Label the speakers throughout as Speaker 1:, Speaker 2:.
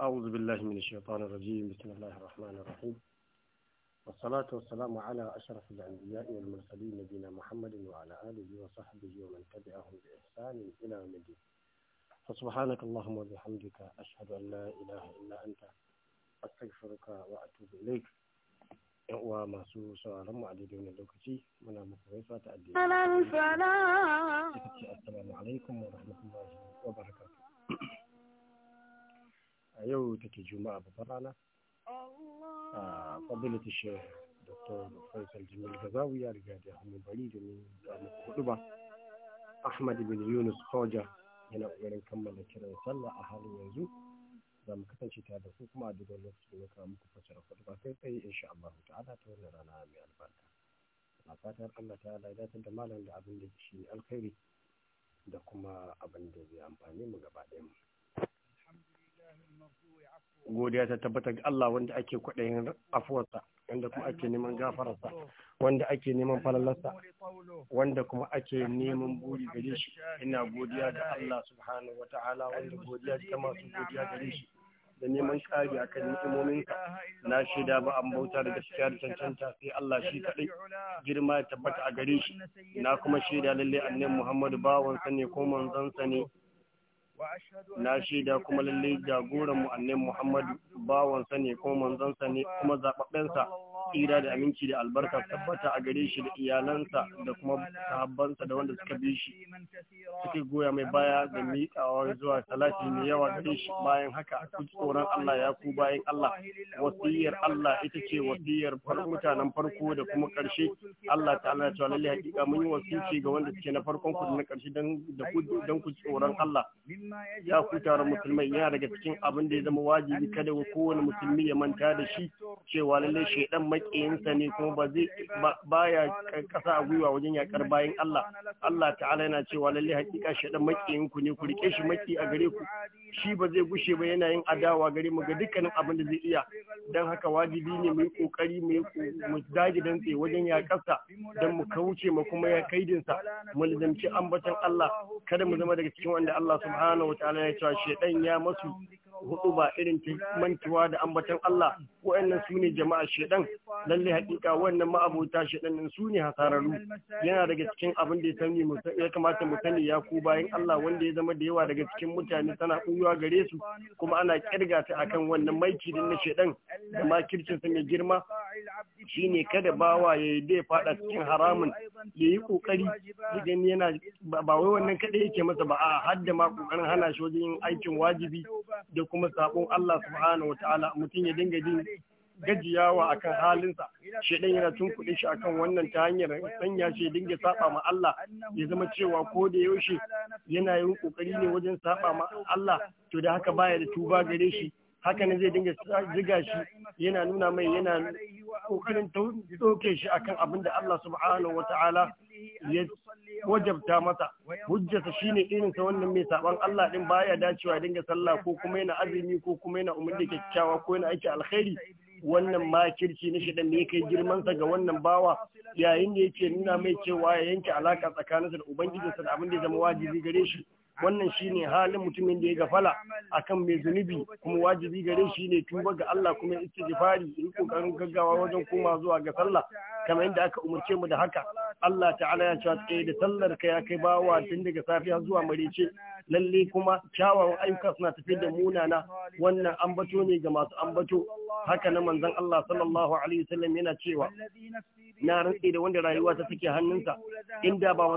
Speaker 1: أعوذ بالله من الشيطان الرجيم بسم الله الرحمن الرحيم والصلاة والسلام على أشرف الأنبياء والمرسلين نبينا محمد وعلى آله وصحبه ومن تبعهم بإحسان إلى يوم الدين فسبحانك اللهم وبحمدك أشهد أن لا إله إلا أنت أستغفرك وأتوب إليك wa masu sauraron mu a daidai wannan lokaci muna muku gaisuwa ta addini. Assalamu alaikum wa rahmatullahi wa barakatuh. a yau take juma'a babbar rana a ah, fadilatu shehu dr faisal da gazawi ya riga da hannu bari domin ga muku hudu ba ahmad bin yunus hoja yana ƙoƙarin kammala kiran sallah a halin yanzu za mu kasance tare da su kuma a duk lokaci da kawo muku fasara hudu ba kai tsaye in Allah ta'ala ta wannan rana mai albarka na fatar Allah ala ya da malam da abin da shi alkhairi da kuma abin da zai amfani mu gaba ɗaya mu
Speaker 2: godiya ta tabbata ga
Speaker 1: Allah wanda ake kwaɗayin afuwarsa wanda kuma ake neman gafararsa wanda ake neman falalarsa
Speaker 2: wanda kuma ake neman buri gare shi ina godiya da Allah subhanahu wa ta'ala wanda godiya ta masu godiya gare shi da neman kari akan ni'imominka na shaida ba an bauta da gaskiya da cancanta sai Allah shi kaɗai girma ya tabbata a gare shi na kuma shaida lalle annabi Muhammadu bawansa ne ko manzansa ne na shaida kuma lalle jagoran mu annabi Muhammadu bawansa ne kuma manzansa ne kuma zababbensa tsira da aminci da albarka tabbata a gare shi da iyalansa da kuma sahabbansa da wanda suka bi shi suke goya mai baya da miƙawar zuwa salati mai yawa gare shi bayan haka a ku tsoron Allah ya ku bayan Allah wasiyar Allah ita ce wasiyar mutanen farko da kuma ƙarshe Allah ta ana cewa lalle hakika mun yi wasiyyar ga wanda suke na farkon ku na ƙarshe don ku tsoron Allah ya ku taron musulmai yana daga cikin abin da ya zama wajibi kada kowane musulmi ya manta da shi cewa lalle shaidan mai sa ne kuma ba zai baya ƙasa a gwiwa wajen yaƙar bayan Allah Allah ta'ala yana cewa lallai hakika shi dan maƙiyin ku ne ku rike shi maki a gare ku shi ba zai gushe ba yana yin adawa gare mu ga dukkanin abin da zai iya dan haka wajibi ne mu yi kokari mu yi mu dage dantse wajen sa dan mu kauce mu kuma ya kaidinsa mu lizamci ambaton Allah kada mu zama daga cikin wanda Allah subhanahu wa ta'ala ya cewa shedan ya masu hudu ba irin mantuwa da ambaton Allah wa'annan su ne jama'a shedan lalle hakika wannan ma'abota ɗannan su ne hasararru yana daga cikin abin da ya sani ya kamata mu sani ya ku bayan Allah wanda ya zama da yawa daga cikin mutane tana ɓuyawa gare su kuma ana kirga ta akan wannan maiki din na shaɗan da makircin sa mai girma shine kada bawa ya yi bai faɗa cikin haramun ya yi ƙoƙari idan yana ba wai wannan kaɗai yake masa ba a hadda ma ƙoƙarin hana shi wajen yin aikin wajibi da kuma sabon Allah subhanahu wa ta'ala mutum ya dinga jin gajiyawa akan halinsa ɗan yana tunkuɗe shi akan wannan ta hanyar sanya shi dinga saba ma Allah ya zama cewa ko da yaushe yana yin kokari ne wajen saba ma Allah to da haka baya da tuba gare shi haka ne zai dinga ziga shi yana nuna mai yana kokarin ɗauke shi akan abin da Allah subhanahu wa ya wajabta masa hujjata shine irin sa wannan mai saban Allah din baya dacewa dinga sallah ko kuma yana azumi ko kuma yana umurni kyakkyawa ko yana aiki alkhairi wannan makirci na shi ne kai girmansa ga wannan bawa yayin da yake nuna mai cewa ya yanke alaka tsakaninsa da ubangijinsa da abin da ya zama wajibi gare shi wannan shine halin mutumin da ya gafala akan mai zunubi kuma wajibi gare shi ne tuba ga Allah kuma ya istighfari in kokarin gaggawa wajen koma zuwa ga sallah kamar yadda aka umarce mu da haka Allah ta'ala ya cewa tsaye da sallar ka ya kai bawa tun daga safiya zuwa marece lalle kuma kyawawan ayyuka suna tafi da munana wannan ambato ne ga masu ambato haka na manzan Allah sallallahu alaihi wasallam yana cewa na rantse da wanda rayuwa ta take hannunsa inda ba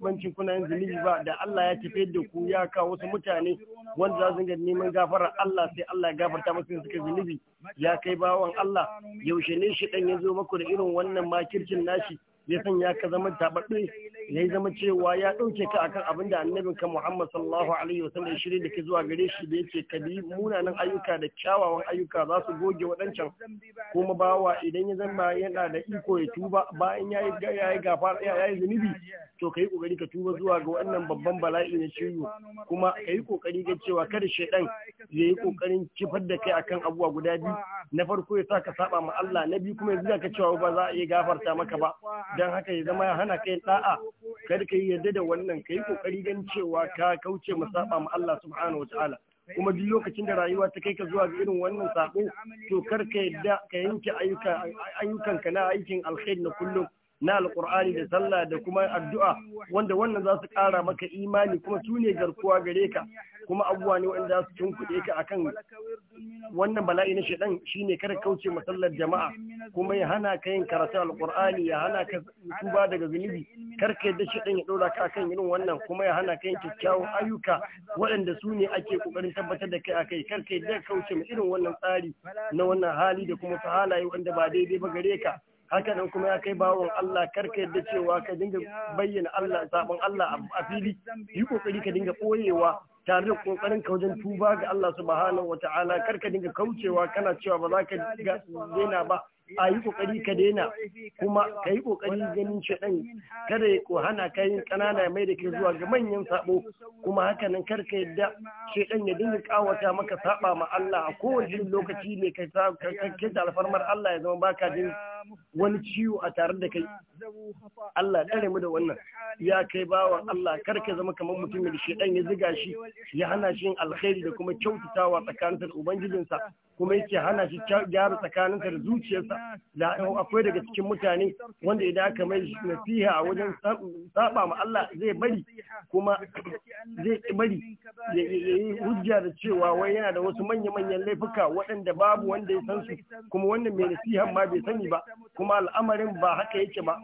Speaker 2: bancin kuna yin zunubi ba da Allah ya tafi da ku ya kawo wasu mutane wanda za su neman gafara Allah sai Allah ya gafarta masu suka zunubi ya kai bawan Allah yaushe ne shi dan ya zo maku da irin wannan makircin nashi ya sanya ka zama tabaɗe ya zama cewa ya ɗauke ka akan abin da annabin ka Muhammad sallallahu alaihi wasallam ya shirye da ke zuwa gare shi da ce ka bi munanan ayyuka da kyawawan ayyuka za su goge waɗancan kuma bawa idan ya zama yana da iko ya tuba bayan yi yayi ya yi zunubi to ka yi kokari ka tuba zuwa ga wannan babban bala'i na ciwo kuma ka yi kokari ga cewa kada shaidan yi kokarin kifar da kai akan abuwa guda biyu na farko ya sa ka saba ma Allah na biyu kuma yanzu ka cewa ba za a iya gafarta maka ba dan haka ya zama ya hana kai da'a kada ka yi yadda da wannan ka yi kokari gan cewa ka kauce mu saba ma Allah subhanahu wataala kuma duk lokacin da rayuwa ta kai ka zuwa ga irin wannan sabo to kar ka yadda ka yanke ayyukan ka na aikin alkhair na kullum na alkur'ani da sallah da kuma addu'a wanda wannan za su kara maka imani kuma su ne garkuwa gare ka kuma abubuwa ne wanda za su tunkuɗe ka akan wannan bala'i na shaidan shine kada kauce masallar jama'a kuma ya hana ka yin karatu Alƙur'ani, ya hana ka tuba daga zunubi kar ka yadda shaidan ya ɗora ka akan irin wannan kuma ya hana ka yin kyakkyawan ayyuka waɗanda su ne ake kokarin tabbatar da kai akai kar ka yadda kauce ma irin wannan tsari na wannan hali da kuma su halaye wanda ba daidai ba gare ka haka nan kuma ya kai bawon Allah karka yadda cewa ka dinga bayyana Allah sabon Allah a fili yi kokari ka dinga boyewa tare da kokarin ka wajen tuba ga Allah subhanahu wataala karka dinga kaucewa kana cewa ba za ka daina ba a yi kokari ka daina kuma ka yi kokari ganin shaɗan kada ya hana ka yin ƙanana mai da ke zuwa ga manyan sabo kuma haka nan kar ka yadda shaɗan ya dinga kawata maka saba ma Allah a kowace lokaci ne ka da alfarmar Allah ya zama baka din wani ciwo a tare da kai Allah tsare mu da wannan ya kai bawan Allah kar ka zama kamar mutumin da shaɗan ya ziga shi ya hana shi yin alkhairi da kuma kyautatawa tsakaninsa da ubangijinsa kuma yake hana shi gyara tsakaninsa da zuciyarsa akwai daga cikin mutane wanda idan aka mai nasiha a wajen saba ma Allah zai bari kuma zai bari ya yi hujja da cewa wai yana da wasu manya-manyan laifuka waɗanda babu wanda ya san su kuma wannan mai nasiha ma bai sani ba kuma al'amarin ba haka yake ba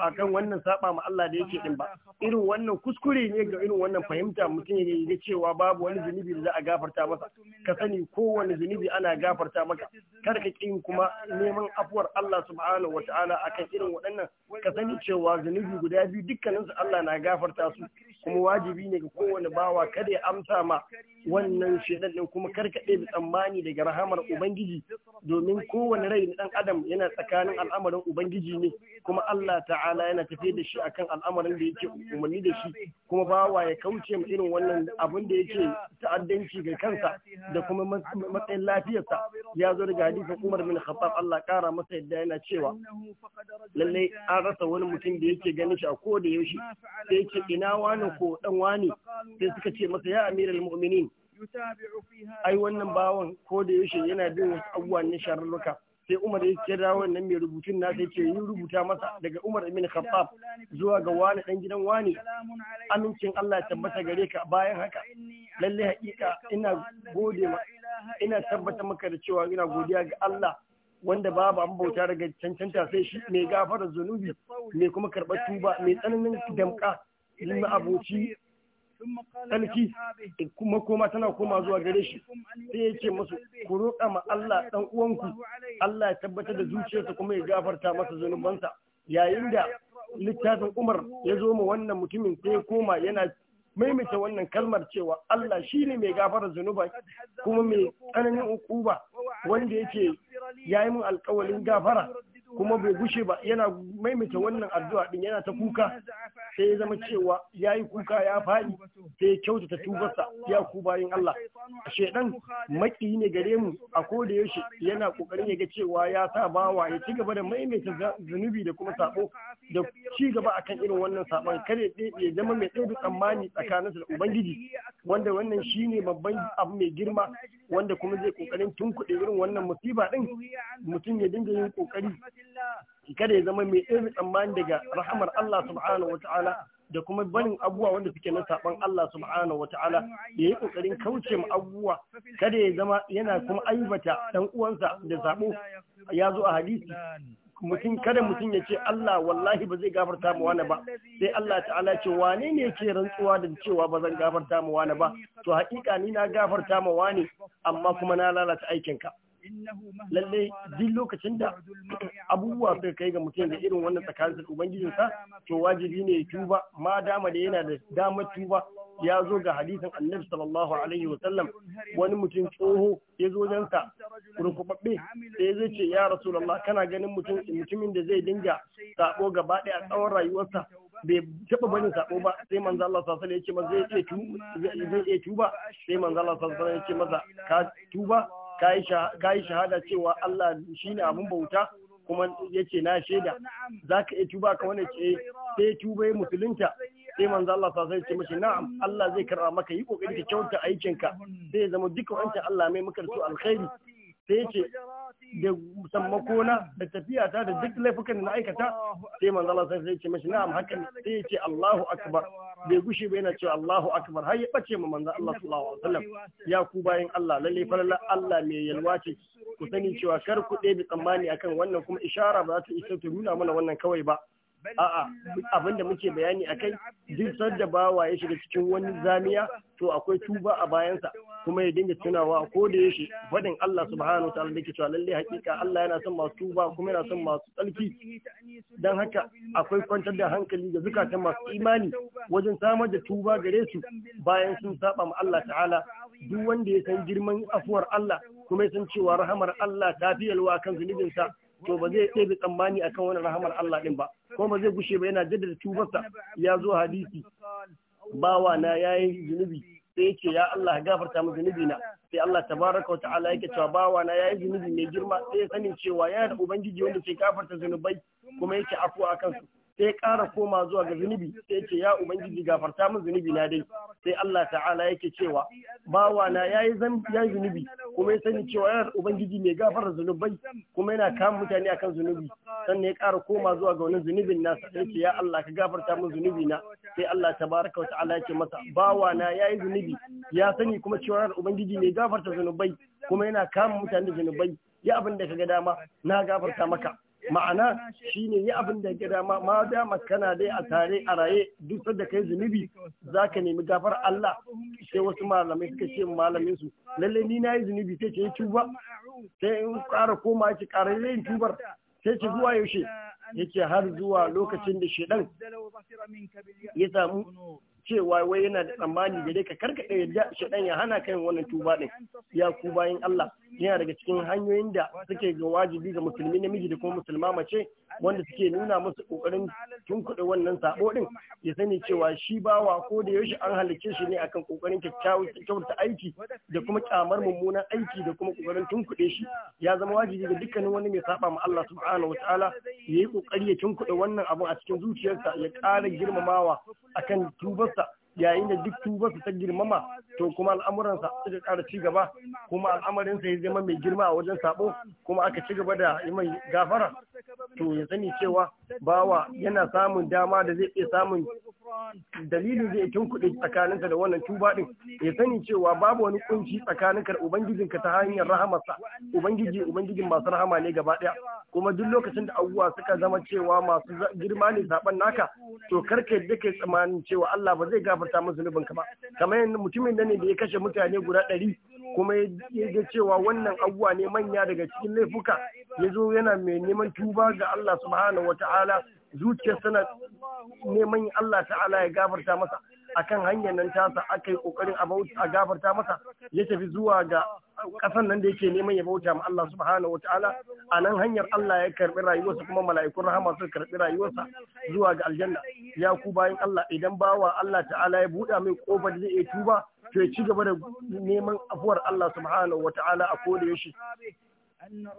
Speaker 2: akan wannan saba ma Allah da yake din ba irin wannan kuskure ne ga irin wannan fahimta mutum ya ga cewa babu wani zunubi da za a gafarta masa ka sani kowane zunubi ana gafarta maka kar ka kin kuma neman afuwar Allah subhanahu wata'ala akan irin waɗannan ka sani cewa zunubi guda biyu dukkanin su Allah na gafarta su kuma wajibi ne ga kowane bawa kada ya amsa ma wannan shedan din kuma karkade da tsammani daga rahamar ubangiji domin kowane rai dan adam yana tsakanin al'amarin ubangiji ne kuma Allah ta'ala yana tafe da shi akan al'amarin da yake umarni da shi kuma bawa ya kauce ma irin wannan abin da yake ta'addanci ga kansa da kuma matsayin lafiyarsa ya zo daga hadisin Umar bin Khattab Allah ƙara masa yadda yana cewa lallai an rasa wani mutum da yake ganin shi a ko da yaushe sai yake ina wani ko dan wani sai suka ce masa ya amiral mu'minin ai wannan bawan ko da yaushe yana bin wasu abubuwan na sharruka sai Umar ya kira wannan mai rubutun na sai ce yi rubuta masa daga Umar ibn Khattab zuwa ga wani dan gidan wani amincin Allah ya tabbata gare ka bayan haka lalle hakika ina gode ina tabbata maka da cewa ina godiya ga Allah wanda babu an bauta daga cancanta sai shi mai gafara zunubi mai kuma karɓar tuba mai tsananin damka ilmi aboci tsarki kuma koma tana koma zuwa gare shi sai ya ce masu ku roƙa ma Allah ɗan uwanku Allah ya tabbatar da zuciyarsa kuma ya gafarta masa zunubansa yayin da littafin Umar ya zo ma wannan mutumin sai ya koma yana maimaita wannan kalmar cewa Allah shi ne mai gafara zunubai kuma mai tsananin ukuba wanda yake ya yi mun alkawalin gafara kuma bai gushe ba yana maimaita wannan addu'a din yana ta kuka sai ya zama cewa ya yi kuka ya faɗi sai ya kyautata tubarsa ya ku bayan Allah shedan maki ne gare mu a koda yaushe yana kokarin ya ga cewa ya sa bawa ya ci gaba da maimaita zunubi da kuma sabo da ci gaba akan irin wannan sabon kare ya zama mai ɗaya tsammani tsakaninsa da ubangiji wanda wannan shine babban abu mai girma wanda kuma zai kokarin tunkuɗe irin wannan musiba din mutum ya dinga yin kokari kada ya zama mai irin tsammani daga rahamar Allah subhanahu ta'ala da kuma barin abubuwa wanda suke na saban Allah subhanahu wata'ala ya yi kokarin kauce ma abubuwa kada ya zama yana kuma aibata dan uwansa da zabo ya zo a hadisi mutum kada mutum ya ce Allah wallahi ba zai gafarta mu wani ba sai Allah ta'ala ce wane ne yake rantsuwa da cewa ba zan gafarta mu wani ba to haƙiƙa ni na gafarta mu wani amma kuma na lalata ka lallai duk lokacin da abubuwa suka kai ga mutum da irin wannan tsakanin sa ubangijinsa to wajibi ne ya tuba ma dama da yana da damar tuba ya zo ga hadisin annabi sallallahu alaihi wa sallam wani mutum tsoho ya zo dan sa rukubabbe sai ya ce ya rasulullah kana ganin mutum mutumin da zai dinga sabo gaba daya tsawon rayuwarsa bai taba barin sabo ba sai manzo Allah sallallahu alaihi wa sallam ya ce zai iya tuba sai manzo Allah sallallahu alaihi wa sallam ya ce maza ka tuba ka yi shahada cewa Allah shi ne abin bauta kuma ya ce na shaida za ka iya tuba ka wani ce sai tuba ya musulunta sai manzo Allah sa sai ce mashi na'am Allah zai karra maka yi kokari ka kyauta aikinka sai zai zama duka wancan Allah mai maka su alkhairi sai ya ce da sammakona da tafiya ta da duk laifukan da na aikata sai manzo Allah sai ce mashi na'am hakan sai ya ce Allahu akbar bai gushe ba yana ce Allahu akbar har ya bace ma manzo Allah sallallahu alaihi wasallam ya ku bayan Allah lalle falala Allah mai yalwa ce ku sani cewa kar ku bi tsammani akan wannan kuma ishara ba za ta isa ta nuna mana wannan kawai ba a'a abin da muke bayani akai duk sanda bawa ya shiga cikin wani zamiya to akwai tuba a bayansa kuma ya dinga tunawa ko da yake fadin Allah subhanahu wa ta'ala dake cewa lalle hakika Allah yana son masu tuba kuma yana son masu tsalki dan haka akwai kwantar da hankali ga zukatan masu imani wajen samar da tuba gare su bayan sun saba ma Allah ta'ala duk wanda ya san girman afuwar Allah kuma ya san cewa rahamar Allah ta fi yalwa kan sa to ba zai ɗebe tsammani akan wani rahamar Allah din ba kuma zai gushe ba yana jaddada tubarsa ya zo hadisi bawa na yayin zunubi sai yake ya Allah gafarta mu zunubi na sai Allah tabaraka ta'ala yake cewa bawa na yayi zunubi mai girma sai ya sanin cewa yana da ubangiji wanda ke gafarta zunubai kuma yake afuwa a kansu. sai ya ƙara koma zuwa ga zunubi sai ce ya ubangiji gafarta min zunubi na dai sai Allah ta'ala yake cewa bawa na yayi yayi zunubi kuma ya sani cewa ya ubangiji mai gafara zunubai kuma yana kama mutane akan zunubi sannan ya ƙara koma zuwa ga wani zunubin nasa sai ce ya Allah ka gafarta min zunubi na sai Allah tabaraka wa ta'ala yake masa bawa na yayi zunubi ya sani kuma cewa ya ubangiji mai gafarta zunubai kuma yana kama mutane zunubai ya abin da kaga dama na gafarta maka ma'ana shine yi abin da ke dama ma dama kana dai a tare a raye duk da kai zunubi zaka nemi gafar Allah sai wasu malamai suka ce malamin su lalle ni na yi zunubi sai ce tuba sai in kara koma ki ƙara yin tubar sai ki zuwa yaushe yake har zuwa lokacin da shedan ya samu cewa wai yana da tsammani gare ka karka da yadda shaɗan ya hana kan wannan tuba ɗin ya ku bayan Allah yana daga cikin hanyoyin da suke ga wajibi ga musulmi namiji da kuma musulma mace wanda suke nuna musu kokarin kuɗi wannan sabo ɗin ya sani cewa shi bawa ko da yaushe an halicce shi ne akan kokarin kyauta aiki da kuma kyamar mummunan aiki da kuma kokarin kuɗe shi ya zama wajibi ga dukkanin wani mai saba ma Allah subhanahu wataala ya yi kokari ya tun kuɗe wannan abu a cikin zuciyarsa ya ƙara girmamawa akan tubarsa yayin da duk tuba su ta girmama to kuma al'amuran sa suka ƙara ci gaba kuma sa ya zama mai girma a wajen sabo kuma aka ci gaba da yi mai gafara to ya sani cewa bawa yana samun dama da zai iya samun dalilin zai tun kuɗi tsakaninka da wannan tuba ɗin ya sani cewa babu wani kunci tsakaninka da ubangijinka ta hanyar rahamarsa ubangiji ubangijin masu rahama ne gaba ɗaya kuma duk lokacin da abubuwa suka zama cewa masu girma ne zaben naka to karka yadda kai tsammanin cewa Allah ba zai gafarta musu nubinka ba kamar mutumin da ne da ya kashe mutane guda ɗari kuma ya ga cewa wannan abuwa ne manya daga cikin laifuka ya zo yana mai neman tuba ga Allah subhanahu wa ta'ala zuciyar sana neman Allah ta'ala ya gafarta masa akan hanyar nan tasa aka yi kokarin a gafarta masa ya tafi zuwa ga ƙasan nan da yake neman ya bauta ma Allah subhanahu ta'ala. a nan hanyar Allah ya karbi rayuwarsa kuma mala'ikun rahama suka karbi rayuwarsa zuwa ga aljanna ya ku bayan Allah idan bawa Allah ta'ala ya buɗa mai kofar zai iya tuba to ya ci gaba da neman afuwar Allah subhanahu wata'ala a koda yaushe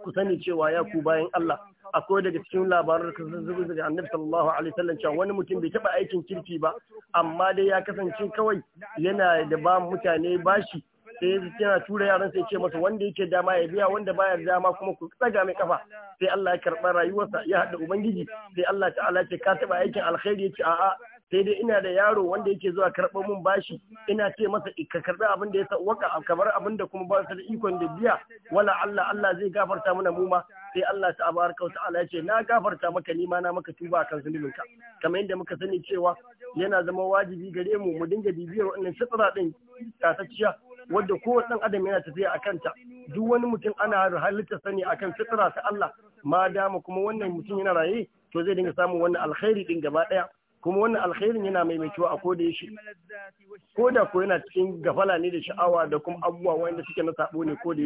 Speaker 2: ku sani cewa ya ku bayan Allah akwai daga cikin labarar kasancewa daga annabi sallallahu alaihi wasallam cewa wani mutum bai taba aikin kirki ba amma dai ya kasance kawai yana da ba mutane bashi sai yana tura yaran sai ce masa wanda yake dama ya biya wanda baya dama kuma ku tsaga mai kafa sai Allah ya karɓa rayuwarsa ya haɗa ubangiji sai Allah ta'ala ce ka taɓa aikin alkhairi ya ce a'a sai dai ina da yaro wanda yake zuwa karɓar mun bashi ina ce masa ka karɓi abin da ya waka kamar abin da kuma ba su da ikon da biya wala Allah Allah zai gafarta mana mu ma sai Allah ta abarka ta'ala ya ce na gafarta maka ni ma na maka tuba kan ka. kamar yadda muka sani cewa yana zama wajibi gare mu mu dinga bibiyar wannan fitra din tasacciya wadda kowace ɗan adam yana tafiya a kanta duk wani mutum ana halitta sani akan fitra ta Allah ma dama kuma wannan mutum yana raye to zai dinga samun wannan alkhairi din gaba ɗaya kuma wannan alkhairin yana maimaituwa a koda yaushe ko da ko yana cikin gafala ne da sha'awa da kuma abubuwa wanda suke na sabo ne ko da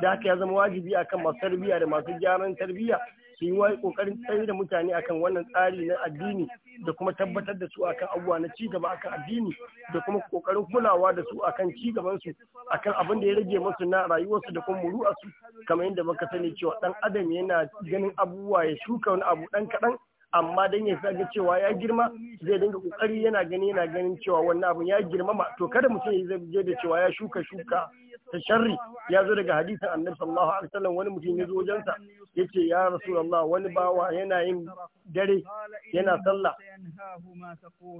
Speaker 2: da haka ya zama wajibi akan masu tarbiyya da masu gyaran tarbiyya su yi kokarin tsare da mutane akan wannan tsari na addini da kuma tabbatar da su akan abubuwa na ci akan addini da kuma kokarin kulawa da su akan ci gaban su akan abin da ya rage musu na rayuwarsu da kuma muru'arsu kamar yadda muka sani cewa dan adam yana ganin abubuwa ya shuka wani abu dan kaɗan amma dan ya sage cewa ya girma zai dinga kokari yana gani yana ganin cewa wannan abun ya girmama to kada mutum ya zai je da cewa ya shuka shuka ta sharri ya zo daga hadisin annabi sallallahu alaihi wasallam wani mutum ya zo wajensa yace ya rasulullah wani bawa yana yin dare yana sallah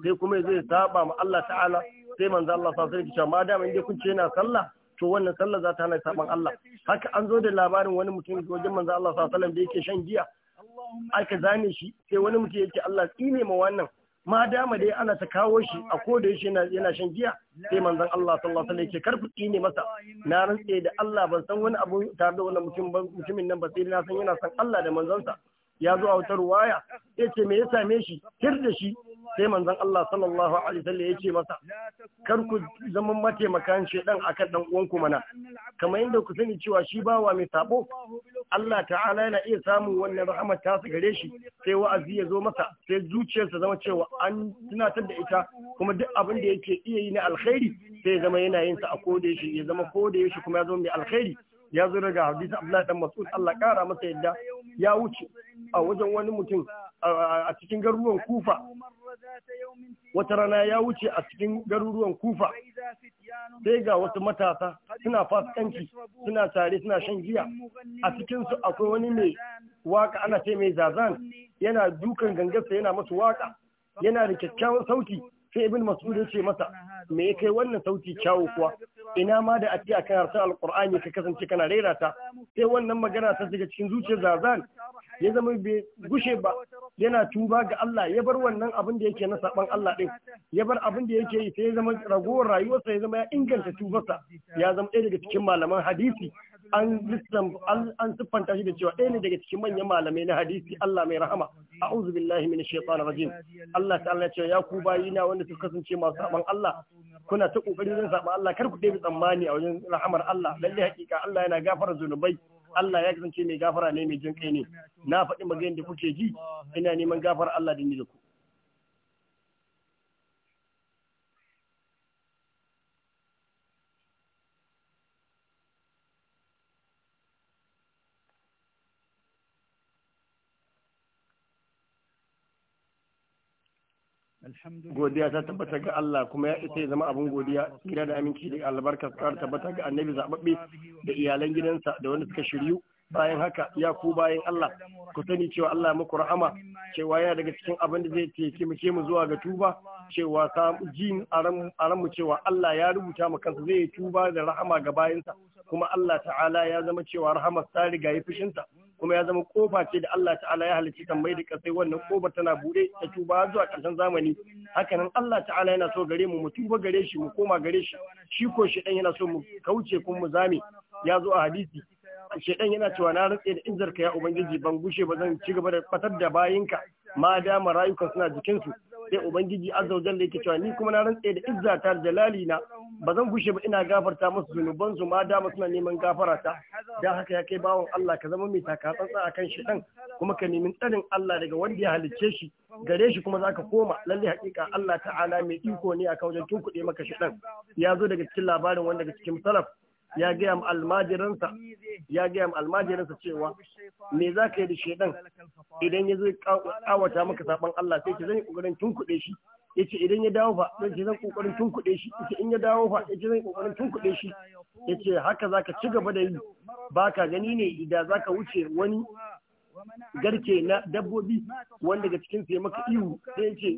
Speaker 2: sai kuma zai saba ma Allah ta'ala sai manzo Allah sallallahu alaihi wasallam ma da mun je kun ce yana sallah to wannan sallah za ta hana saban Allah haka an zo da labarin wani mutum wajen manzo Allah sallallahu alaihi wasallam da yake shan giya aka zane shi sai wani mutum yake Allah tsine ma wannan ma dama dai ana ta kawo shi a ko da yake yana shan giya sai manzon Allah sallallahu alaihi wasallam yake karfi tsine masa na rantse da Allah ban san wani abu tare da wannan mutum mutumin nan ba sai na san yana san Allah da manzon ya zo a wata waya, yace me ya same shi tir da shi sai manzon Allah sallallahu alaihi wasallam ya ce masa kar ku zama mataimakan shedan akan dan uwan ku mana kamar inda ku sani cewa shi bawa mai sabo Allah ta'ala yana iya samun wannan rahama ta su gare shi sai wa'azi ya zo masa sai zuciyarsa zama cewa an tunatar da ita kuma duk abin da yake iya yi na alkhairi sai zama yana yin sa a koda yashi ya zama koda yashi kuma ya zo mai alkhairi ya zo daga hadisi Abdullahi dan Mas'ud Allah kara masa yadda ya wuce a wajen wani mutum a cikin garuruwan Kufa wata rana ya wuce a cikin garuruwan kufa
Speaker 3: sai ga wasu matasa
Speaker 2: suna fasikanci suna tare suna shan giya a cikinsu akwai wani mai waka ana ce mai zazan yana dukan gangarsa yana masu waka yana da kyakkyawan sauti sai ibn mas'ud ya ce masa me ya kai wannan sauti kyawu kuwa ina ma da a kan harsar alqur'ani ka kasance kana rera ta sai wannan magana ta shiga cikin zuciyar zazan ya zama bai gushe ba yana tuba ga Allah ya bar wannan abin da yake na saban Allah ɗin. ya bar abin da yake yi sai ya zama ragowar rayuwarsa ya zama ya inganta tubarsa ya zama ɗaya daga cikin malaman hadisi an lissan an siffanta shi da cewa ɗaya ne daga cikin manyan malamai na hadisi Allah mai rahama a'udhu billahi minash shaitanir rajim Allah ta'ala ya ce ya ku bayina wanda suka kasance masu saban Allah kuna ta kokari zan saban Allah kar ku dai tsammani a wajen rahamar Allah lalle hakika Allah yana gafara zunubai Allah ya kasance mai gafara ne mai jin kai ne na faɗi maganar da kuke ji ina neman gafara Allah da ni da ku godiya ta tabbata ga Allah kuma ya isa ya zama abin godiya gida da aminci da albarka su tabbata ga annabi zaɓaɓɓe da iyalan gidansa da wanda suka shiryu bayan haka ya ku bayan Allah ku sani cewa Allah ya muku rahama cewa yana daga cikin abin da zai taimake mu zuwa ga tuba cewa jin aran mu cewa Allah ya rubuta mu kansa zai tuba da rahama ga bayansa kuma Allah ta'ala ya zama cewa rahama ta riga ya fushinsa kuma ya zama kofa ce da Allah ta'ala ya halicci tambayi da kasai wannan kofar tana bude ta tuba zuwa ƙarshen zamani hakanan Allah ta'ala yana so gare mu mu tuba gare shi mu koma gare shi shi ko shi dan yana so mu kauce kuma mu zame ya zo a hadisi shedan yana cewa na rantse da inzarka ya ubangiji ban gushe ba zan ci gaba da fatar da bayinka ma dama rayukan suna jikin su sai ubangiji azza wajalla yake cewa ni kuma na rantse da izzata da jalali na ba zan gushe ba ina gafarta musu zunuban su ma dama suna neman gafara ta dan haka ya kai bawon Allah ka zama mai takatsantsa akan shi dan kuma ka nemi tsarin Allah daga wanda ya halicce shi gare shi kuma zaka koma lalle hakika Allah ta'ala mai iko ne akan wajen tunkuɗe maka shi dan ya zo daga cikin labarin wanda daga cikin salaf ya gaya ma almajiransa ya almajiransa cewa me za ka yi da shaidan idan ya zo kawata maka saban Allah sai ki zan yi kokarin tunkuɗe shi yace idan ya dawo fa yace zan kokarin tunkuɗe shi yace in ya dawo fa yace zan kokarin tunkuɗe shi yace haka zaka ci gaba da yi baka gani ne idan zaka wuce wani garke na dabbobi wanda daga cikin sai maka ihu sai yace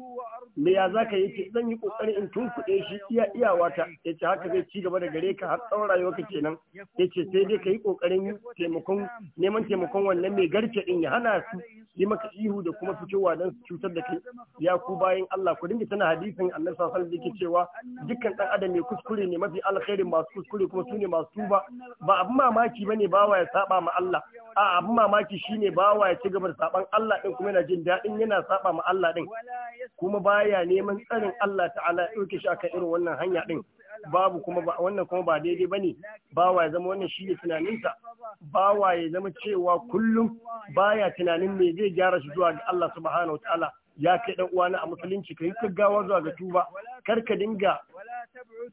Speaker 2: me ya zaka yace zan yi kokarin in tunkuɗe shi iya iya wata yace haka zai ci gaba da gare ka har tsawon ka kenan yace sai dai ka yi kokarin taimakon neman taimakon wannan mai garke din ya hana su yi maka ihu da kuma fitowa don su cutar da kai ya ku bayan Allah ku dinga tana hadisin annabi sallallahu alaihi cewa dukkan dan adam mai kuskure ne mafi alkhairin masu kuskure kuma sune masu tuba ba abin mamaki bane ba ya saba ma Allah a abin mamaki shine wa ya ci gaba da saban Allah din kuma yana jin daɗin yana saba ma Allah din kuma baya neman tsarin Allah ta'ala ya dauke shi akan irin wannan hanya din babu kuma ba wannan kuma ba daidai bane bawa ya zama wannan shi shine tunaninsa bawa ya zama cewa kullum baya tunanin me zai gyara shi zuwa ga Allah subhanahu wataala ya kai dan uwana a musulunci kai gaggawa zuwa ga tuba kar ka dinga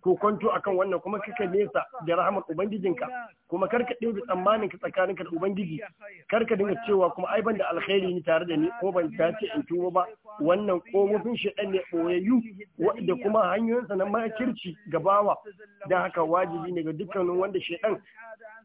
Speaker 2: kokonto akan wannan kuma kaka nesa da rahamar ubangijinka kuma kar ka dinga tsammanin ka tsakaninka da ubangiji kar ka dinga cewa kuma ai ban da alkhairi ni tare da ni ko ban dace in tuba ba wannan komofin shedan ne boyayyu da kuma hanyoyinsa na makirci gabawa Don haka wajibi ne ga dukkanin wanda ɗan.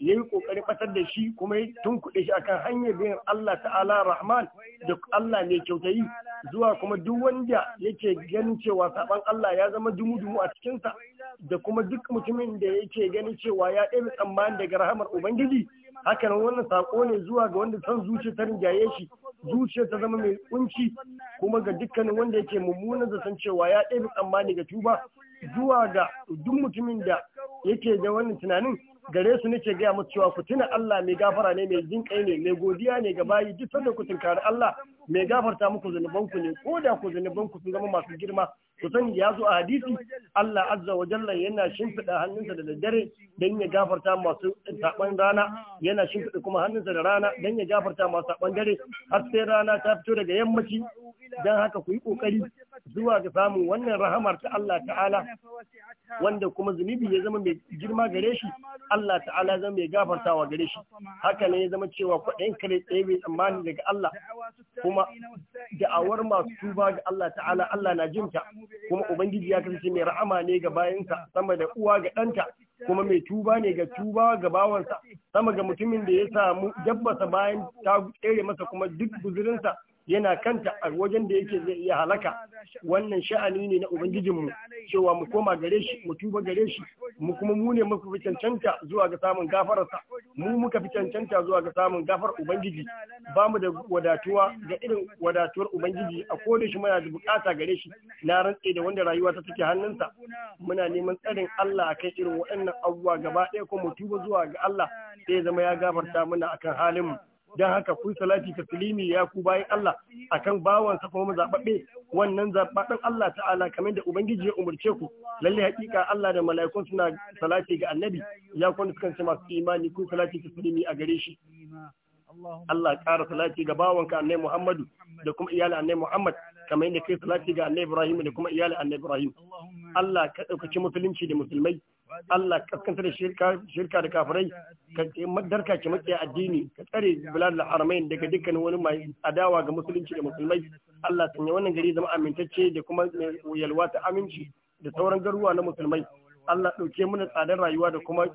Speaker 2: ya yi ƙoƙarin ɓatar da shi kuma ya tunkuɗe shi akan hanyar biyan Allah ta'ala Rahman da Allah mai kyautayi zuwa kuma duk wanda yake ganin cewa saban Allah ya zama dumu-dumu a cikinsa da kuma duk mutumin da yake ganin cewa ya ɗebe tsammani daga rahamar Ubangiji hakan wannan sako ne zuwa ga wanda san zuciya ta rinjaye shi zuciya ta zama mai kunci kuma ga dukkanin wanda yake mummuna da san cewa ya ɗebe tsammani ga tuba zuwa ga duk mutumin da yake da wannan tunanin gare su nake gaya mu cewa ku tuna Allah mai gafara ne mai jin ne mai godiya ne ga bayi duk sanda ku tunkari Allah mai gafarta muku zanuban ku ne ko da ku zanuban ku sun zama masu girma ku san ya zo a hadisi Allah azza wa jalla yana shimfiɗa hannunsa da daddare dan ya gafarta masu taban rana yana shimfiɗa kuma hannunsa da rana dan ya gafarta masu taban dare har sai rana ta fito daga yammaci dan haka ku yi kokari zuwa ga samun wannan rahamar ta Allah ta'ala wanda kuma zunubi ya zama mai girma gare shi Allah ta'ala zama mai gafartawa gare shi haka ne ya zama cewa kwaɗin kare tsaye mai tsammani daga Allah kuma da'awar masu tuba ga Allah ta'ala Allah na jinta kuma ubangiji ya kasance mai rahama ne ga bayansa sama da uwa ga ɗanta kuma mai tuba ne ga tuba ga bawansa sama ga mutumin da ya samu dabbasa bayan ta tsere masa kuma duk guzurinsa yana kanta a wajen da yake zai iya halaka wannan sha'ani ne na ubangijinmu cewa mu koma gare shi mu tuba gare shi mu kuma mu ne muka fi cancanta zuwa ga samun gafararsa mu muka fi cancanta zuwa ga samun gafar ubangiji ba mu da wadatuwa ga irin wadatuwar ubangiji a koda shi muna da bukata gare shi na rantse da wanda rayuwa ta take hannunsa muna neman tsarin Allah akan irin waɗannan abubuwa gaba ɗaya ko mu tuba zuwa ga Allah sai zama ya gafarta mana akan halin mu don haka kun salati ta filimi ya ku bayan Allah akan bawan sa kuma zababbe wannan zababben Allah ta'ala kamar da ubangiji ya umurce ku lalle hakika Allah da mala'ikun suna salati ga annabi ya kun sukan ce masu imani kun salati ta a gare shi Allah ƙara salati ga bawanka annai Muhammadu da kuma iyalin annai Muhammad kamar yadda kai salati ga annai Ibrahim da kuma iyalin annai Ibrahim Allah ka ɗaukaci musulunci da musulmai Allah kaskanta da shirka da kafirai ka madarka ki maki addini ka tsare bilal haramain daga dukkanin wani mai adawa ga musulunci da musulmai Allah sanya wannan gari zama amintacce da kuma yalwa ta aminci da sauran garuruwa na musulmai Allah ɗauke mana tsadar rayuwa da kuma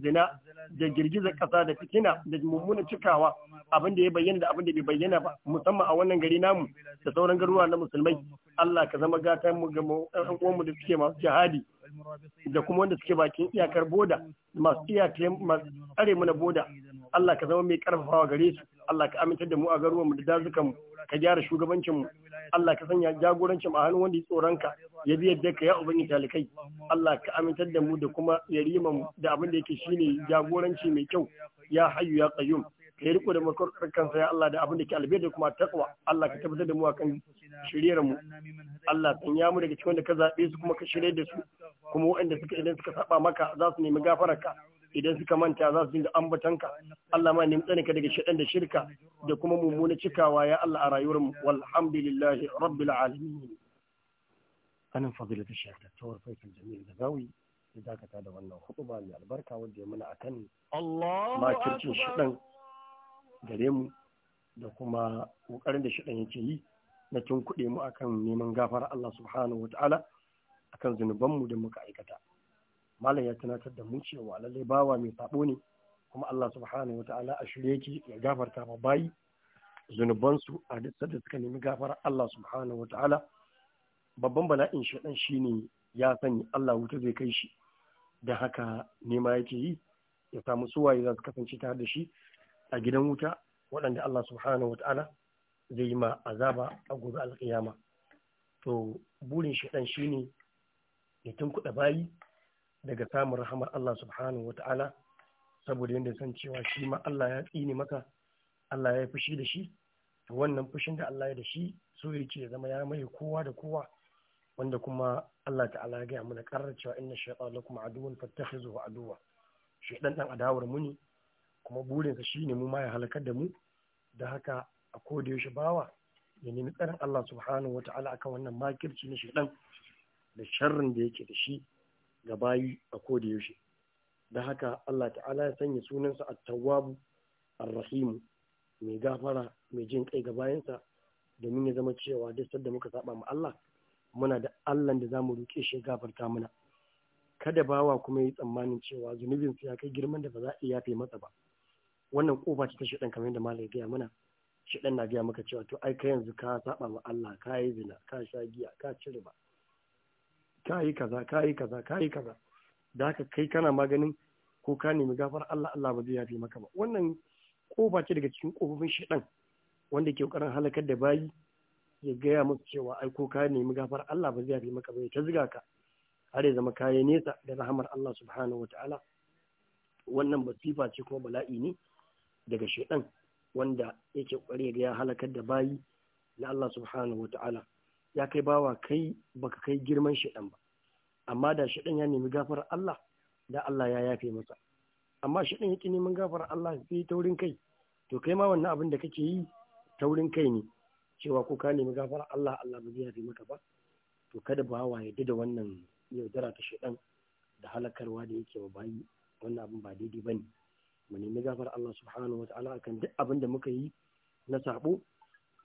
Speaker 2: zina da girgizar ƙasa da fitina da mummunan cikawa abin da ya bayyana da abin da bai bayyana ba musamman a wannan gari namu da sauran garuruwa na musulmai Allah ka zama gatan mu ga uwanmu da suke masu jihadi da kuma wanda suke bakin iyakar boda masu iyakar masu tsare mana boda Allah ka zama mai karfafawa gare su Allah ka amintar da mu a garuwanmu da dazukanmu ka gyara shugabancinmu Allah ka sanya jagorancin a hannun wanda ya tsoronka ya biya da ka ya ubangi talikai Allah ka amintar da mu da kuma yarimanmu da abin da yake shine jagoranci mai kyau ya hayyu ya qayyum kai riko da makarkar kansa ya Allah da abin da ke albe da kuma takwa Allah ka tabbatar da mu akan shiriyar mu Allah san ya mu daga cikin da ka zaɓe su kuma ka shirye da su kuma waɗanda suka idan suka saba maka za su nemi gafararka idan suka manta za su dinga ambatanka Allah ma nemi ka daga shaɗan da shirka da kuma mummuna cikawa ya Allah a rayuwar mu walhamdulillah rabbil alamin
Speaker 1: anan fadilatu shaykh Dr. Faisal Jamil Zagawi da dakata da wannan hutuba mai albarka wanda ya mana akan kirkin shiɗan gare mu da kuma ƙoƙarin da shaɗan yake yi na tun kuɗe mu akan neman gafara Allah subhanahu wa ta'ala akan zunuban mu da muka aikata malam ya tunatar da mu cewa lalle bawa mai sabo ne kuma Allah subhanahu wa ta'ala a shirye yake ya gafarta ma bayi zunuban su a duk da suka nemi gafara Allah subhanahu wa ta'ala babban bala'in shaɗan shine ya sani Allah wuta zai kai shi da haka nema yake yi ya samu suwaye za su kasance tare da shi a gidan wuta waɗanda Allah subhanahu wata'ala zai yi ma azaba a gobe alƙiyama to burin shi ne ya tunkuɗa bayi daga samun rahamar Allah subhanahu wata'ala saboda yadda san cewa shi ma Allah ya tsini maka Allah ya fushi da shi to wannan fushin da Allah ya da shi so yake ya zama ya mai kowa da kowa wanda kuma Allah ta'ala ya gaya mana karar cewa inna kuma lakum aduwwan fattakhizuhu adua shaytan ɗan adawar mu ne kuma burinsa shi ne mu ma ya halakar da mu da haka a koda yaushe bawa ya nemi tsarin Allah subhanahu wa ta'ala akan wannan makirci na shaidan da sharrin da yake da shi ga bayi a koda yaushe da haka Allah ta'ala ya sanya sunansa at-tawwabu ar-rahim mai gafara mai jin kai ga bayansa domin ya zama cewa duk sanda muka saba ma Allah muna da Allah da zamu roke shi gafarta mana kada bawa kuma yi tsammanin cewa zunubinsa ya kai girman da ba za a iya yafe masa ba wannan ƙofa ce ta shaɗan kamar yadda malai gaya mana shaɗan na gaya maka cewa to ai ka yanzu ka saba ma Allah ka yi zina ka sha giya ka ci riba ka yi kaza ka yi kaza ka yi kaza da haka kai kana maganin ko ka nemi gafar Allah Allah ba zai yafe maka ba wannan ƙofa ce daga cikin ƙofofin shaɗan wanda ke ƙoƙarin halakar da bayi ya gaya musu cewa ai ko ka nemi gafar Allah ba zai yafe maka ba ya ta ziga ka har ya zama kayan nesa da rahamar Allah subhanahu wa ta'ala. wannan sifa ce kuma bala'i ne daga shaidan wanda yake kware ga ya halakar da bayi na Allah subhanahu wa ta'ala ya kai bawa kai baka kai girman shaidan ba amma da shaidan ya nemi gafar Allah da Allah ya yafe masa amma shaidan yake neman gafar Allah sai taurin kai to kai ma wannan abin da kake yi taurin kai ne cewa ko ka nemi gafar Allah Allah ba zai yafe maka ba to kada bawa ya da wannan yaudara ta shaidan da halakarwa da yake wa bayi wannan abin ba daidai bane mu nemi gafar Allah subhanahu wataala akan duk abin da muka yi na sabo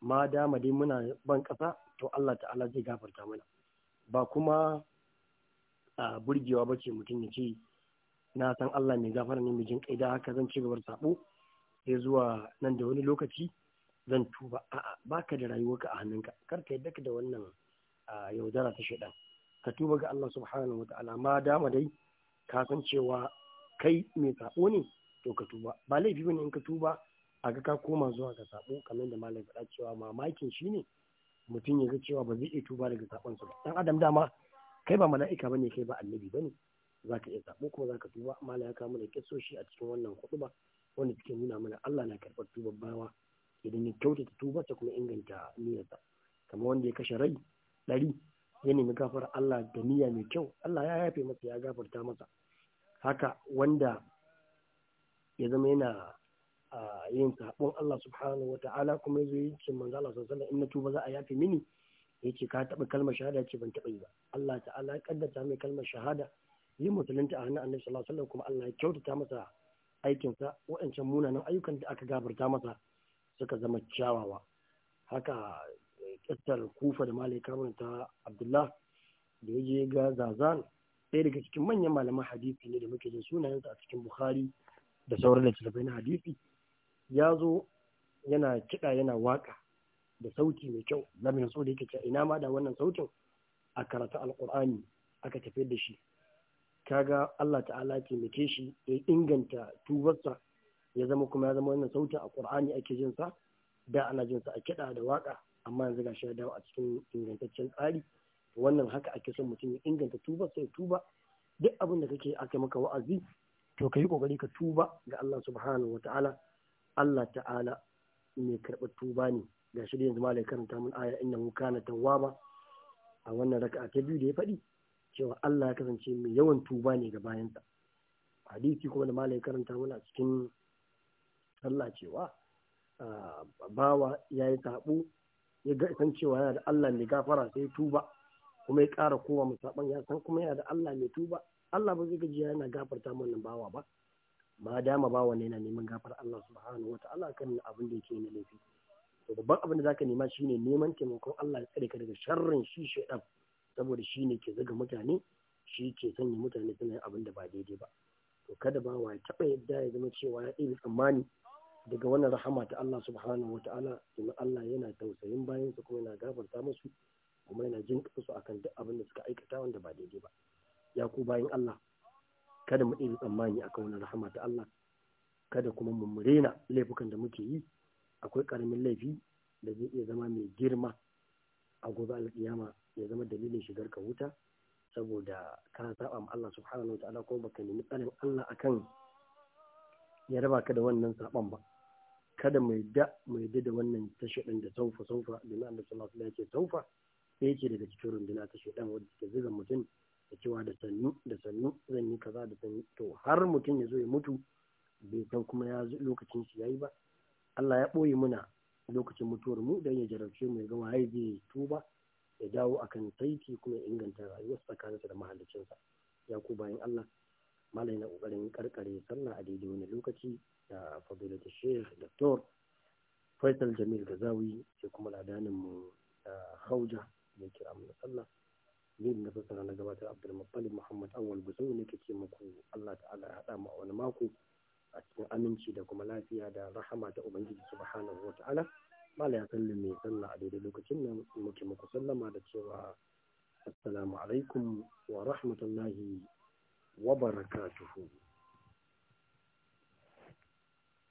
Speaker 1: ma dama dai muna ban kasa to Allah ta'ala zai gafarta mana ba kuma a burgewa bace mutum ya ce na san Allah mai gafara ne mai jin kaida haka zan ci gaba da sabo sai zuwa nan da wani lokaci zan tuba a'a baka da rayuwarka a hannunka kar ka yadda da wannan yaudara ta shaidan ka tuba ga Allah subhanahu wataala ma dama dai ka san cewa kai mai sabo ne to ka tuba ba laifi bane in ka tuba a ga ka koma zuwa ga sabo kamar da malam faɗa cewa mamakin shine mutum ya ga cewa ba zai iya tuba daga sabon sa ba dan adam dama kai ba mala'ika bane kai ba annabi bane zaka iya sabo kuma za ka tuba malam ya kawo mana kisoshi a cikin wannan ba wanda suke nuna mana Allah na karɓar tubar bawa idan ya kyautata tuba ta kuma inganta sa kamar wanda ya kashe rai ɗari ya nemi gafar Allah da niyya mai kyau Allah ya yafe masa ya gafarta masa haka wanda ya zama yana yin sabon Allah subhanahu wa ta'ala kuma yazo yake manzo Allah sallallahu in na tuba za a yafe mini yake ka taba kalmar shahada ce ban taba yi ba Allah ta'ala ya kaddata mai kalmar shahada yi musulunta a hannun annabi sallallahu alaihi wasallam kuma Allah ya kyautata masa aikinsa waɗancan munanan ayyukan da aka gabarta masa suka zama kyawawa haka kistar kufa da malai kaman ta abdullah da ya je ga zazan ɗaya daga cikin manyan malaman hadisi ne da muke jin sunayensa a cikin bukhari da sauran littattafai na hadisi ya zo yana kiɗa yana waka da sauti mai kyau lamin so da yake cewa ina ma da wannan sautin a karatu alkur'ani aka tafi da shi Ka ga Allah ta'ala taimake shi ya inganta tubarsa ya zama kuma ya zama wannan sautin a ƙur'ani ake jin sa da ana jin sa a kiɗa da waka amma yanzu gashi ya dawo a cikin ingantaccen tsari wannan haka ake son mutum ya inganta tubarsa ya tuba duk abin da kake aka maka wa'azi to ka yi ƙoƙari ka tuba ga Allah subhanahu wata'ala Allah ta'ala mai karɓar tuba ne ga shi yanzu malai karanta mun aya mu kana tawwaba a wannan raka'a ta biyu da ya faɗi cewa Allah ya kasance mai yawan tuba ne ga bayansa hadisi kuma da malai karanta mun a cikin sallah cewa bawa ya yi taɓo ya ga san cewa yana da Allah mai gafara sai tuba kuma ya ƙara kowa musaban ya san kuma yana da Allah mai tuba Allah ba zai gajiya yana gafarta mana bawa ba ma dama bawa ne yana neman gafar Allah subhanahu ta'ala kan abin da yake na laifi to babban abin da zaka nema shine neman taimakon Allah ya tsare ka daga sharrin shi shaidan saboda shi ne ke zaga mutane shi ke sanya mutane suna yin abin da ba daidai ba to kada bawa ya taɓa yadda ya zama cewa ya ɗebe tsammani daga wannan rahama ta Allah subhanahu ta'ala. domin Allah yana tausayin bayansa kuma yana gafarta musu kuma yana jin su akan duk abin da suka aikata wanda ba daidai ba ya ku bayan Allah kada mu ɗaya tsammani akan wani rahama ta Allah kada kuma mu laifukan da muke yi akwai ƙaramin laifi da zai iya zama mai girma a gobe alƙiyama ya zama dalilin shigar ka wuta saboda ka saba ma Allah subhanahu wataala ko baka nemi tsarin Allah akan ya raba ka da wannan saban ba kada mu yadda mu yadda da wannan tashi din da saufa saufa domin Allah sallallahu alaihi ya ce saufa ya yake daga cikin runduna tashi din wadda ke zuga mutum da cewa da sannu da sannu zan yi kaza da sannu to har mutum ya zo ya mutu bai san kuma ya lokacin shi yayi ba Allah ya ɓoye muna lokacin mutuwar mu dan ya jarabce mu ya ga waye zai tuba ya dawo akan saiti kuma ya inganta rayuwar tsakaninsa da mahallicinsa ya ku bayan Allah malai na ƙoƙarin karkare sallah a daidai wani lokaci da fadilatu sheikh doctor faisal jamil gazawi sai kuma ladanin mu eh, hauja da kira mu sallah ni da na na gabatar abdulmuttalib muhammad awal buzo ne ke ce muku allah ta'ala ya haɗa mu a wani mako a cikin aminci da kuma lafiya da rahama ta ubangiji subhanahu wa ta'ala mala ya mai sallah a daidai lokacin nan muke muku sallama da cewa assalamu alaikum wa rahmatullahi wa barakatuhu